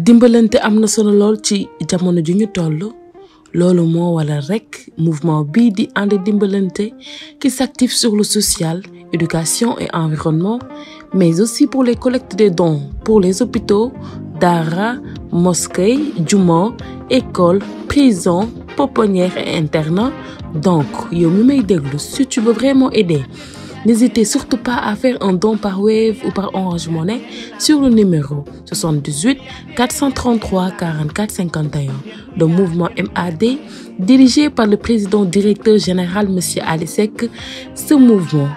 dimbalante am na solo lool ci jamono ju ñu mouvement bii di ànd qui s'active sur le social éducation et environnement mais aussi pour les collectes de dons pour les hôpitaux dara mosquées jumon, écoles, prisons, pouponnière et internats. donc yow mi may déglu si tu veux vraiment aider N'hésitez surtout pas à faire un don par Wave ou par Orange monnaie sur le numéro 78 433 44 51 de Mouvement MAD dirigé par le président directeur général M. Alisek. Ce mouvement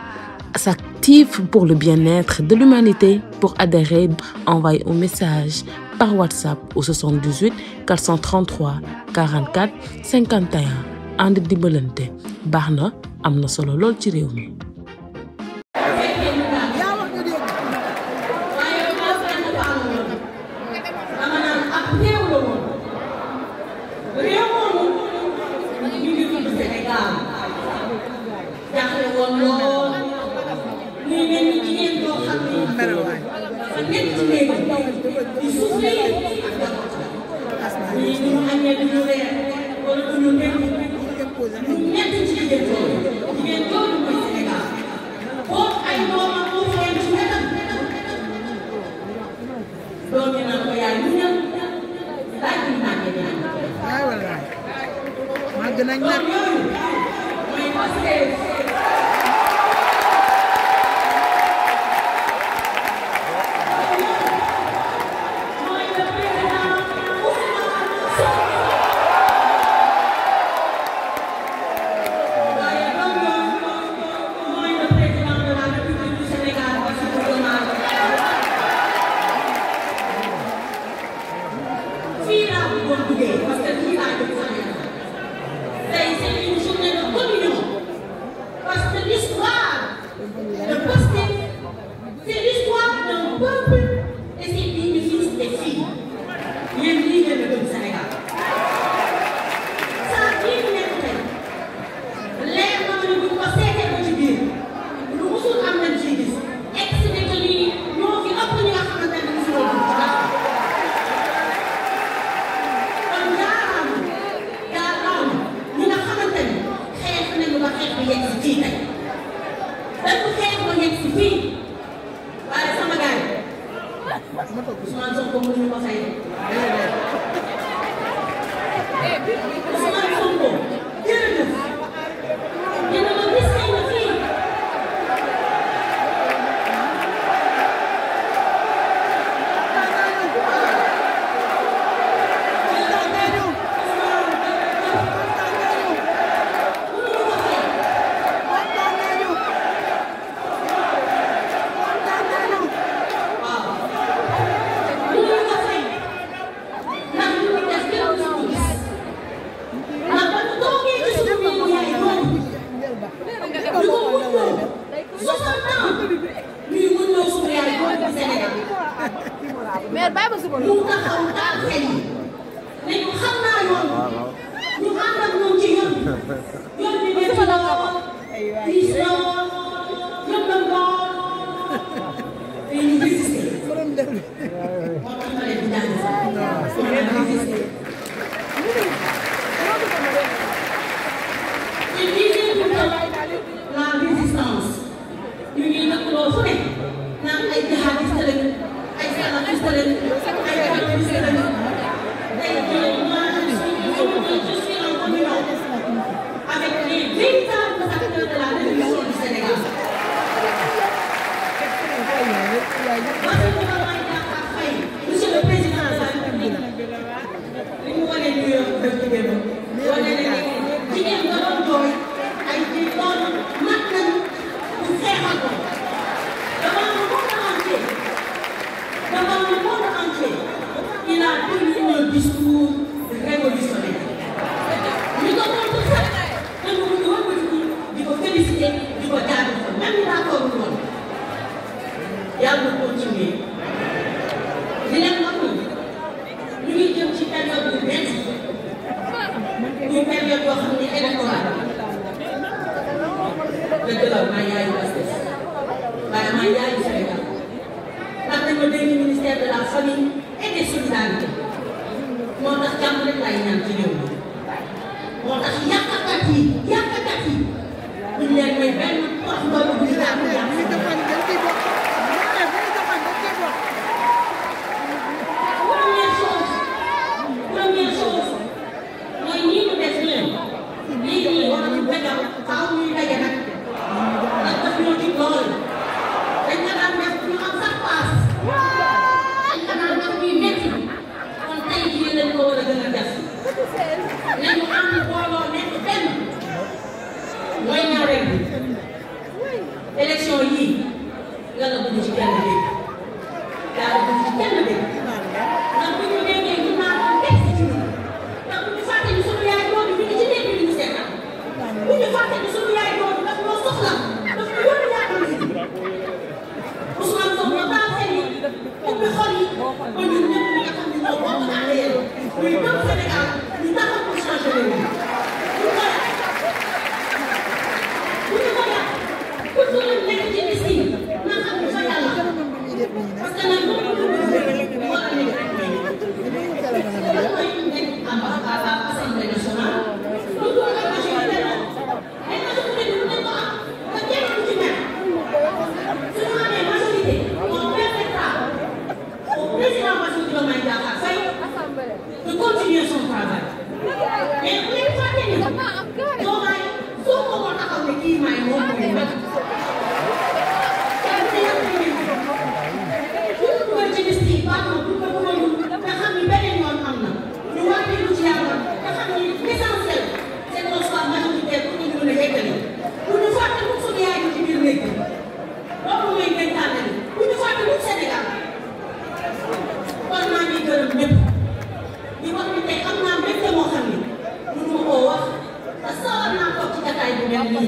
s'active pour le bien-être de l'humanité. Pour adhérer, envoyez un message par WhatsApp au 78 433 44 51 Ande Barna, Amna solo Magandang night. above me. Demirel. kenn d'accord woon yàlla continuer di leen wax ni ñu ngi jëm ci période bu métti muy période boo xam ne électoral dëgg la maa yaayu Pastef waaye maa yaayu Sénégal ndax dama dégg ministère de la famille et des solidarités moo tax jàmm rek laay ñaan ci réew mi moo tax yàqkat yi yàqkat yi duñ leen may benn We Tapi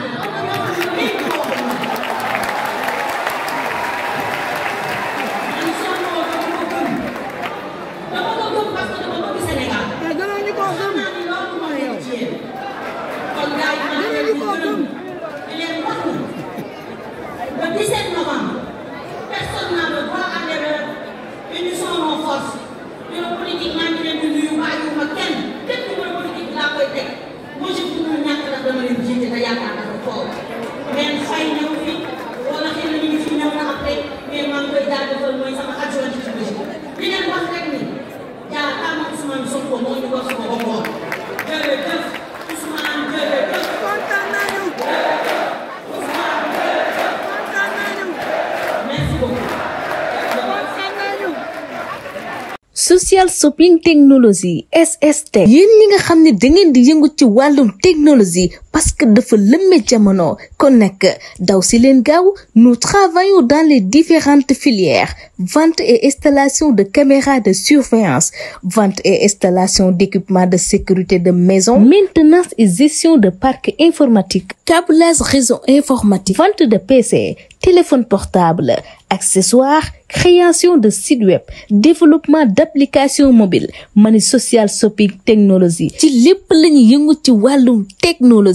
social shopping technology SST yéen ñi nga xam ne da di yëngu ci wàllum technologie parce que de le Médiamono nous travaillons dans les différentes filières vente et installation de caméras de surveillance vente et installation d'équipements de sécurité de maison maintenance et gestion de parcs informatiques câblage réseau informatique vente de PC téléphone portable accessoires création de sites web développement d'applications mobiles money social shopping technology. ci